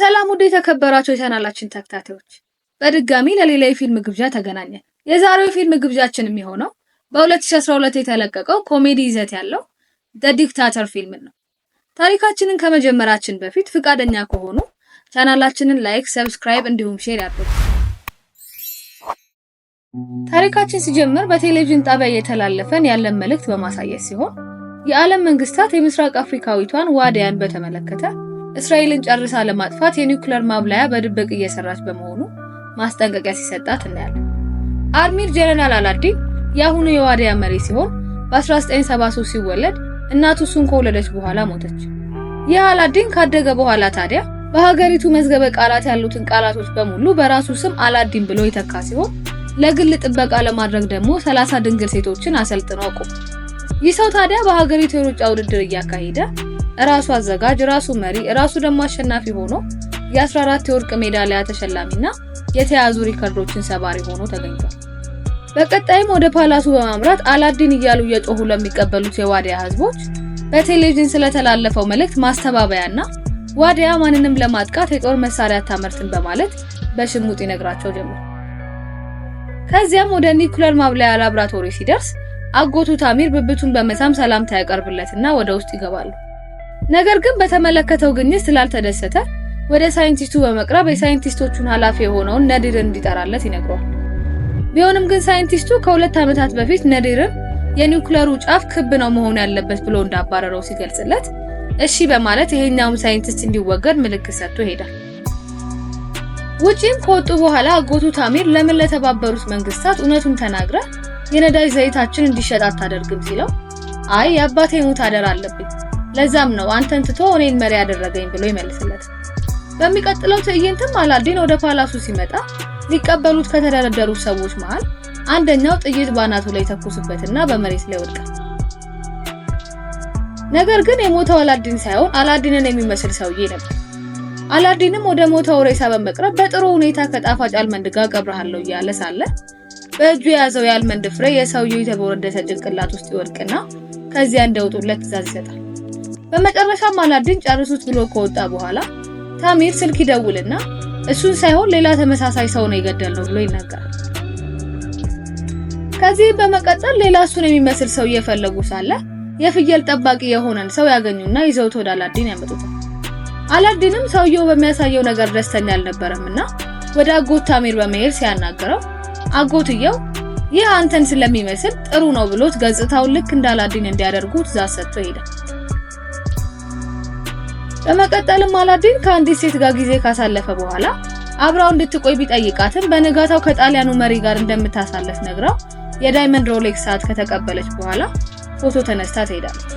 ሰላም ውድ የተከበራቸው የቻናላችን ተከታታዮች በድጋሚ ለሌላ የፊልም ግብዣ ተገናኘ የዛሬው የፊልም ግብዣችን የሚሆነው በ2012 የተለቀቀው ኮሜዲ ይዘት ያለው ደ ዲክታተር ፊልም ነው። ታሪካችንን ከመጀመራችን በፊት ፍቃደኛ ከሆኑ ቻናላችንን ላይክ፣ ሰብስክራይብ እንዲሁም ሼር ያድርጉ። ታሪካችን ሲጀምር በቴሌቪዥን ጣቢያ እየተላለፈን ያለን መልእክት በማሳየት ሲሆን የዓለም መንግስታት የምስራቅ አፍሪካዊቷን ዋዲያን በተመለከተ እስራኤልን ጨርሳ ለማጥፋት የኒውክለር ማብላያ በድብቅ እየሰራች በመሆኑ ማስጠንቀቂያ ሲሰጣት እናያለን። አርሚር ጀነራል አላዲን የአሁኑ የዋዲያ መሪ ሲሆን በ1973 ሲወለድ እናቱ እሱን ከወለደች በኋላ ሞተች። ይህ አላዲን ካደገ በኋላ ታዲያ በሀገሪቱ መዝገበ ቃላት ያሉትን ቃላቶች በሙሉ በራሱ ስም አላዲን ብሎ የተካ ሲሆን ለግል ጥበቃ ለማድረግ ደግሞ 30 ድንግል ሴቶችን አሰልጥኖ አቁም። ይህ ሰው ታዲያ በሀገሪቱ የሩጫ ውድድር እያካሄደ ራሱ አዘጋጅ፣ ራሱ መሪ፣ ራሱ ደግሞ አሸናፊ ሆኖ የ14 የወርቅ ሜዳሊያ ተሸላሚና የተያዙ ሪከርዶችን ሰባሪ ሆኖ ተገኝቷል። በቀጣይም ወደ ፓላሱ በማምራት አላዲን እያሉ እየጮሁ ለሚቀበሉት የዋዲያ ህዝቦች በቴሌቪዥን ስለተላለፈው መልእክት ማስተባበያና ዋዲያ ማንንም ለማጥቃት የጦር መሳሪያ አታመርትም በማለት በሽሙጥ ይነግራቸው ጀመር። ከዚያም ወደ ኒኩለር ማብለያ ላብራቶሪ ሲደርስ አጎቱ ታሚር ብብቱን በመሳም ሰላምታ ያቀርብለትና ወደ ውስጥ ይገባሉ። ነገር ግን በተመለከተው ግኝት ስላልተደሰተ ወደ ሳይንቲስቱ በመቅረብ የሳይንቲስቶቹን ኃላፊ የሆነውን ነዲርን እንዲጠራለት ይነግሯል። ቢሆንም ግን ሳይንቲስቱ ከሁለት ዓመታት በፊት ነዲርን የኒውክለሩ ጫፍ ክብ ነው መሆን ያለበት ብሎ እንዳባረረው ሲገልጽለት እሺ በማለት ይሄኛውም ሳይንቲስት እንዲወገድ ምልክት ሰጥቶ ይሄዳል። ውጪም ከወጡ በኋላ አጎቱ ታሚር ለምን ለተባበሩት መንግስታት እውነቱን ተናግረ የነዳጅ ዘይታችን እንዲሸጥ አታደርግም ሲለው አይ የአባቴ ሙት አደራ አለብኝ ለዛም ነው አንተን ትቶ እኔን መሪ ያደረገኝ ብሎ ይመልስለት። በሚቀጥለው ትዕይንትም አላዲን ወደ ፓላሱ ሲመጣ ሊቀበሉት ከተደረደሩ ሰዎች መሃል አንደኛው ጥይት ባናቱ ላይ ተኩስበትና በመሬት ላይ ወድቃል። ነገር ግን የሞተው አላዲን ሳይሆን አላዲንን የሚመስል ሰውዬ ነበር። አላዲንም ወደ ሞተው ሬሳ በመቅረብ በጥሩ ሁኔታ ከጣፋጭ አልመንድ ጋር ቀብረሃለሁ እያለ ሳለ በእጁ የያዘው የአልመንድ ፍሬ የሰውየው የተጎረደሰ ጭንቅላት ውስጥ ይወድቅና ከዚያ እንደውጡለት ትዛዝ ይሰጣል። በመጨረሻም አላዲን ጨርሱት ብሎ ከወጣ በኋላ ታሚር ስልክ ይደውልና እሱን ሳይሆን ሌላ ተመሳሳይ ሰው ነው የገደልነው ብሎ ይነገራል። ከዚህም በመቀጠል ሌላ እሱን የሚመስል ሰው እየፈለጉ ሳለ የፍየል ጠባቂ የሆነን ሰው ያገኙና ይዘውት ወደ አላዲን ያመጡታል። አላዲንም ሰውየው በሚያሳየው ነገር ደስተኛ አልነበረም እና ወደ አጎት ታሚር በመሄድ ሲያናግረው አጎትየው ይህ አንተን ስለሚመስል ጥሩ ነው ብሎት ገጽታውን ልክ እንደ አላዲን እንዲያደርጉ ትእዛዝ ሰጥቶ ይሄዳል። በመቀጠልም አላዲን ከአንዲት ሴት ጋር ጊዜ ካሳለፈ በኋላ አብራው እንድትቆይ ቢጠይቃትም በነጋታው ከጣሊያኑ መሪ ጋር እንደምታሳልፍ ነግራው የዳይመንድ ሮሌክስ ሰዓት ከተቀበለች በኋላ ፎቶ ተነስታ ትሄዳለች።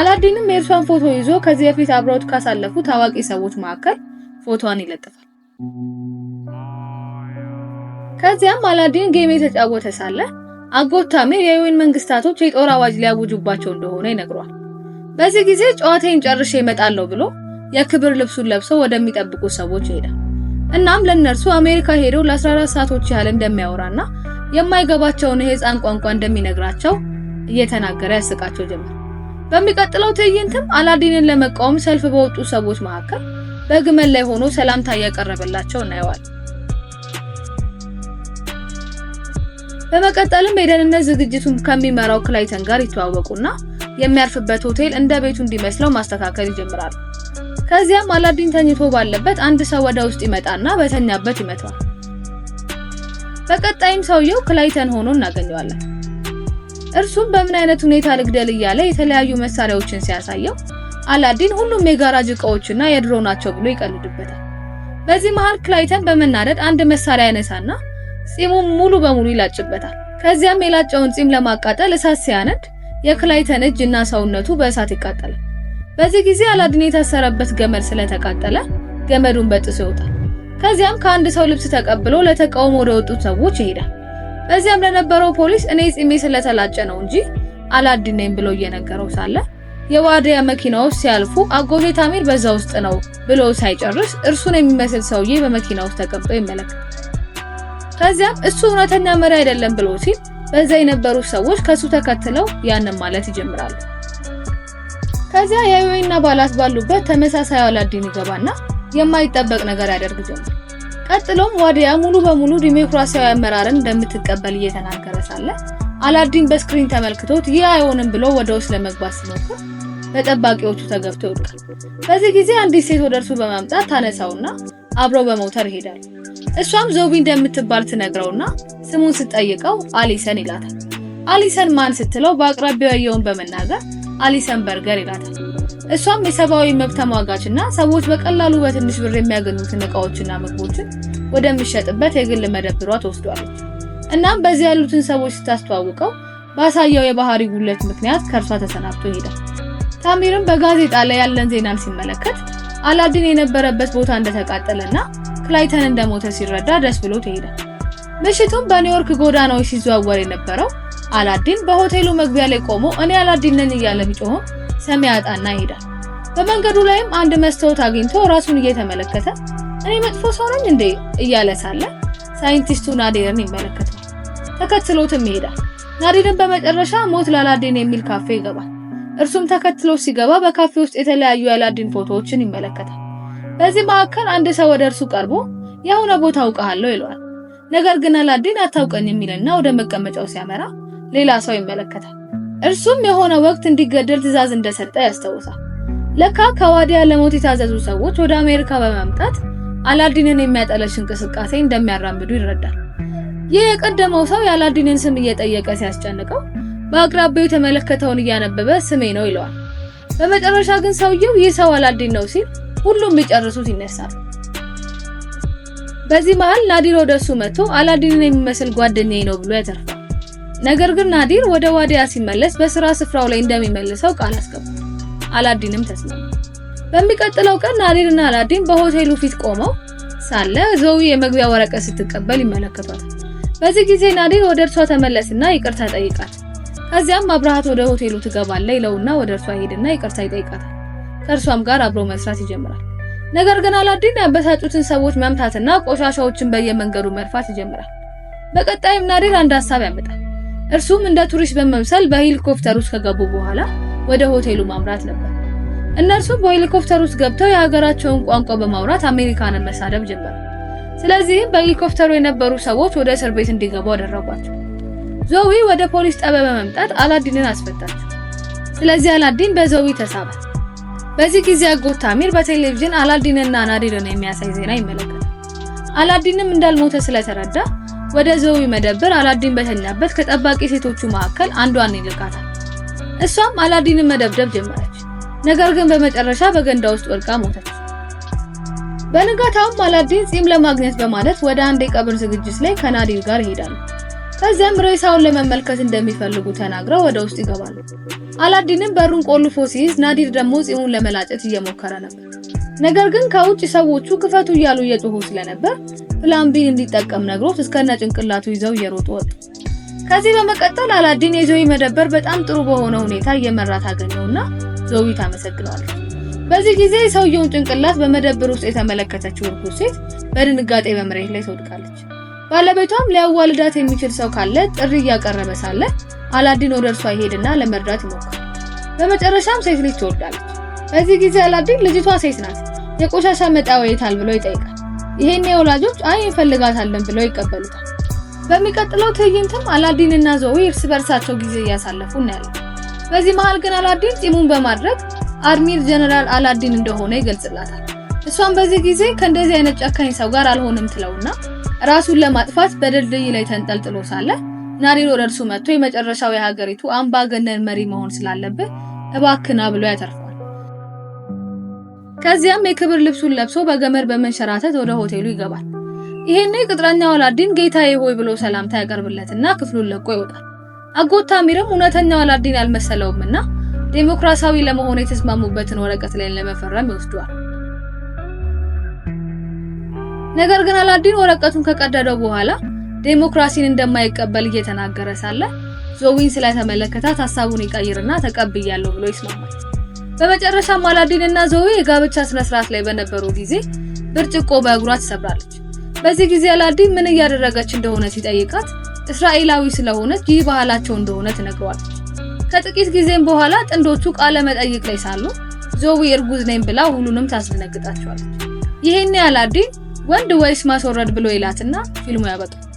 አላዲንም የእርሷን ፎቶ ይዞ ከዚህ በፊት አብረውት ካሳለፉ ታዋቂ ሰዎች መካከል ፎቶዋን ይለጥፋል። ከዚያም አላዲን ጌም የተጫወተ ሳለ አጎታሜ የዩኤን መንግስታቶች የጦር አዋጅ ሊያውጁባቸው እንደሆነ ይነግሯል። በዚህ ጊዜ ጨዋታዬን ጨርሼ እመጣለሁ ብሎ የክብር ልብሱን ለብሰው ወደሚጠብቁ ሰዎች ሄደ። እናም ለእነርሱ አሜሪካ ሄዶ ለ14 ሰዓቶች ያህል እንደሚያወራና የማይገባቸውን የህፃን ቋንቋ እንደሚነግራቸው እየተናገረ ያስቃቸው ጀመር። በሚቀጥለው ትዕይንትም አላዲንን ለመቃወም ሰልፍ በወጡ ሰዎች መካከል በግመል ላይ ሆኖ ሰላምታ እያቀረበላቸው እናየዋል። በመቀጠልም የደህንነት ዝግጅቱን ከሚመራው ክላይተን ጋር ይተዋወቁና የሚያርፍበት ሆቴል እንደ ቤቱ እንዲመስለው ማስተካከል ይጀምራል። ከዚያም አላዲን ተኝቶ ባለበት አንድ ሰው ወደ ውስጥ ይመጣና በተኛበት ይመታል። በቀጣይም ሰውየው ክላይተን ሆኖ እናገኘዋለን። እርሱም በምን አይነት ሁኔታ ልግደል እያለ የተለያዩ መሳሪያዎችን ሲያሳየው አላዲን ሁሉም የጋራጅ እቃዎችና የድሮ ናቸው ብሎ ይቀልድበታል። በዚህ መሃል ክላይተን በመናደድ አንድ መሳሪያ ያነሳና ፂሙም ሙሉ በሙሉ ይላጭበታል። ከዚያም የላጨውን ፂም ለማቃጠል እሳት ሲያነድ የክላይተን እጅ እና ሰውነቱ በእሳት ይቃጠላል። በዚህ ጊዜ አላዲን የታሰረበት ገመድ ስለተቃጠለ ገመዱን በጥሶ ይወጣል። ከዚያም ከአንድ ሰው ልብስ ተቀብሎ ለተቃውሞ ወደ ወጡት ሰዎች ይሄዳል። በዚያም ለነበረው ፖሊስ እኔ ጺሜ ስለተላጨ ነው እንጂ አላዲን ነኝ ብሎ እየነገረው ሳለ የዋዲያ መኪና ውስጥ ሲያልፉ አጎቴ ታሚር በዛ ውስጥ ነው ብሎ ሳይጨርስ እርሱን የሚመስል ሰውዬ በመኪና ውስጥ ተቀምጦ ይመለከታል። ከዚያም እሱ እውነተኛ መሪ አይደለም ብሎ ሲል በዛ የነበሩ ሰዎች ከሱ ተከትለው ያንን ማለት ይጀምራሉ። ከዚያ የዌይና ባላት ባሉበት ተመሳሳይ አላዲን ይገባና የማይጠበቅ ነገር ያደርግ ጀመር። ቀጥሎም ዋዲያ ሙሉ በሙሉ ዲሞክራሲያዊ አመራርን እንደምትቀበል እየተናገረ ሳለ አላዲን በስክሪን ተመልክቶት ይህ አይሆንም ብሎ ወደ ውስጥ ለመግባት ሲሞክር በጠባቂዎቹ ተገብቶ ይወድቃል። በዚህ ጊዜ አንዲት ሴት ወደ እርሱ በማምጣት ታነሳውና አብረው በሞተር ይሄዳል። እሷም ዘውቢ እንደምትባል ትነግረውና ስሙን ስትጠይቀው አሊሰን ይላታል። አሊሰን ማን ስትለው በአቅራቢያው ያየውን በመናገር አሊሰን በርገር ይላታል። እሷም የሰብአዊ መብት ተሟጋች ሰዎች በቀላሉ በትንሽ ብር የሚያገኙትን እቃዎችና ምግቦችን ወደሚሸጥበት የግል መደብሯ ትወስዷለች። እናም በዚህ ያሉትን ሰዎች ስታስተዋውቀው ባሳየው የባህሪ ጉለት ምክንያት ከእርሷ ተሰናብቶ ይሄዳል። ታሚርም በጋዜጣ ላይ ያለን ዜናን ሲመለከት አላዲን የነበረበት ቦታ እንደተቃጠለና ክላይተን እንደሞተ ሲረዳ ደስ ብሎ ተሄደ። ምሽቱም በኒውዮርክ ጎዳናዎች ሲዘዋወር የነበረው አላዲን በሆቴሉ መግቢያ ላይ ቆሞ እኔ አላዲን ነኝ እያለ ቢጮህም ሰሚ ያጣና ይሄዳል። በመንገዱ ላይም አንድ መስታወት አግኝቶ ራሱን እየተመለከተ እኔ መጥፎ ሰው ነኝ እንዴ እያለ ሳለ ሳይንቲስቱ ናዴርን ይመለከታል። ተከትሎትም ይሄዳል። ናዴርን በመጨረሻ ሞት ለአላዲን የሚል ካፌ ይገባል። እርሱም ተከትሎ ሲገባ በካፌ ውስጥ የተለያዩ የአላዲን ፎቶዎችን ይመለከታል። በዚህ መካከል አንድ ሰው ወደ እርሱ ቀርቦ የሆነ ቦታ አውቃለሁ ይለዋል። ነገር ግን አላዲን አታውቀን የሚልና ወደ መቀመጫው ሲያመራ ሌላ ሰው ይመለከታል። እርሱም የሆነ ወቅት እንዲገደል ትዕዛዝ እንደሰጠ ያስታውሳል። ለካ ከዋዲያ ለሞት የታዘዙ ሰዎች ወደ አሜሪካ በመምጣት አላዲንን የሚያጠለሽ እንቅስቃሴ እንደሚያራምዱ ይረዳል። ይህ የቀደመው ሰው የአላዲንን ስም እየጠየቀ ሲያስጨንቀው በአቅራቢያው የተመለከተውን እያነበበ ስሜ ነው ይለዋል። በመጨረሻ ግን ሰውየው ይህ ሰው አላዲን ነው ሲል ሁሉም ቢጨርሱት ይነሳል። በዚህ መሃል ናዲር ወደ እሱ መጥቶ አላዲንን የሚመስል ጓደኛዬ ነው ብሎ ያተርፋል። ነገር ግን ናዲር ወደ ዋዲያ ሲመለስ በስራ ስፍራው ላይ እንደሚመልሰው ቃል አስገባል። አላዲንም ተስማማ። በሚቀጥለው ቀን ናዲርና አላዲን በሆቴሉ ፊት ቆመው ሳለ ዘዊ የመግቢያ ወረቀት ስትቀበል ይመለከቷል። በዚህ ጊዜ ናዲር ወደ እርሷ ተመለስና ይቅርታ ጠይቃት፣ ከዚያም አብረሃት ወደ ሆቴሉ ትገባለ ይለውና ወደ እርሷ ይሄድና ይቅርታ ይጠይቃታል። ከእርሷም ጋር አብሮ መስራት ይጀምራል። ነገር ግን አላዲን ያበሳጩትን ሰዎች መምታትና ቆሻሻዎችን በየመንገዱ መርፋት ይጀምራል። በቀጣይም ናዲር አንድ ሀሳብ ያመጣል። እርሱም እንደ ቱሪስት በመምሰል በሄሊኮፕተር ውስጥ ከገቡ በኋላ ወደ ሆቴሉ ማምራት ነበር። እነርሱም በሄሊኮፕተር ውስጥ ገብተው የሀገራቸውን ቋንቋ በማውራት አሜሪካንን መሳደብ ጀመሩ። ስለዚህም በሄሊኮፕተሩ የነበሩ ሰዎች ወደ እስር ቤት እንዲገቡ አደረጓቸው። ዞዊ ወደ ፖሊስ ጣቢያ በመምጣት አላዲንን አስፈታቸው። ስለዚህ አላዲን በዞዊ ተሳበ። በዚህ ጊዜ አጎት አሚር በቴሌቪዥን አላዲንና ናዲርን የሚያሳይ ዜና ይመለከታል። አላዲንም እንዳልሞተ ስለተረዳ ወደ ዘዊ መደብር አላዲን በተኛበት ከጠባቂ ሴቶቹ መካከል አንዷን ይልቃታል። እሷም አላዲንን መደብደብ ጀመረች። ነገር ግን በመጨረሻ በገንዳ ውስጥ ወድቃ ሞተች። በንጋታውም አላዲን ፂም ለማግኘት በማለት ወደ አንድ የቀብር ዝግጅት ላይ ከናዲር ጋር ይሄዳሉ። ከዚያም ሬሳውን ለመመልከት እንደሚፈልጉ ተናግረው ወደ ውስጥ ይገባሉ። አላዲንም በሩን ቆልፎ ሲይዝ፣ ናዲር ደግሞ ፂሙን ለመላጨት እየሞከረ ነበር። ነገር ግን ከውጭ ሰዎቹ ክፈቱ እያሉ እየጮሁ ስለነበር ፕላምቢን እንዲጠቀም ነግሮት እስከነ ጭንቅላቱ ይዘው እየሮጡ ወጡ። ከዚህ በመቀጠል አላዲን የዞዊ መደብር በጣም ጥሩ በሆነ ሁኔታ እየመራት አገኘውና ዞዊ ታመሰግነዋለች። በዚህ ጊዜ ሰውየውን ጭንቅላት በመደብር ውስጥ የተመለከተችው እርጉዝ ሴት በድንጋጤ በመሬት ላይ ትወድቃለች። ባለቤቷም ሊያዋልዳት የሚችል ሰው ካለ ጥሪ እያቀረበ ሳለ አላዲን ወደ እርሷ ይሄድና ለመርዳት ይሞክራል። በመጨረሻም ሴት ልጅ ትወልዳለች። በዚህ ጊዜ አላዲን ልጅቷ ሴት ናት፣ የቆሻሻ መጣያ የታል ብሎ ይጠይቃል። ይሄን የወላጆች አይ እንፈልጋታለን ብለው ይቀበሉታል። በሚቀጥለው ትዕይንትም አላዲን እና ዞዊ እርስ በርሳቸው ጊዜ እያሳለፉ እናያለን። በዚህ መሃል ግን አላዲን ጢሙን በማድረግ አድሚር ጀነራል አላዲን እንደሆነ ይገልጽላታል። እሷም በዚህ ጊዜ ከእንደዚህ አይነት ጨካኝ ሰው ጋር አልሆንም ትለውና ራሱን ለማጥፋት በድልድይ ላይ ተንጠልጥሎ ሳለ ናሬል ወደ እርሱ መጥቶ የመጨረሻው የሀገሪቱ አምባገነን መሪ መሆን ስላለብህ እባክና ብሎ ያተርፋል። ከዚያም የክብር ልብሱን ለብሶ በገመድ በመንሸራተት ወደ ሆቴሉ ይገባል። ይሄኔ ቅጥረኛው አላዲን ጌታዬ ሆይ ብሎ ሰላምታ ያቀርብለትና ክፍሉን ለቆ ይወጣል። አጎታሚርም እውነተኛው አላዲን አልመሰለውምና ዴሞክራሲያዊ ለመሆን የተስማሙበትን ወረቀት ላይ ለመፈረም ይወስዷል። ነገር ግን አላዲን ወረቀቱን ከቀደደው በኋላ ዴሞክራሲን እንደማይቀበል እየተናገረ ሳለ ዞዊን ስለተመለከታት ሀሳቡን ይቀይርና ተቀብያለሁ ብሎ ይስማማል። በመጨረሻም አላዲን እና ዞዊ የጋብቻ ስነ ስርዓት ላይ በነበሩ ጊዜ ብርጭቆ በእግሯ ትሰብራለች። በዚህ ጊዜ አላዲን ምን እያደረገች እንደሆነ ሲጠይቃት እስራኤላዊ ስለሆነች ይህ ባህላቸው እንደሆነ ትነግረዋለች። ከጥቂት ጊዜም በኋላ ጥንዶቹ ቃለ መጠይቅ ላይ ሳሉ ዞዊ እርጉዝ ነኝ ብላ ሁሉንም ታስደነግጣቸዋለች። ይሄን አላዲን ወንድ ወይስ ማስወረድ ብሎ ይላትና ፊልሙ ያበቃል።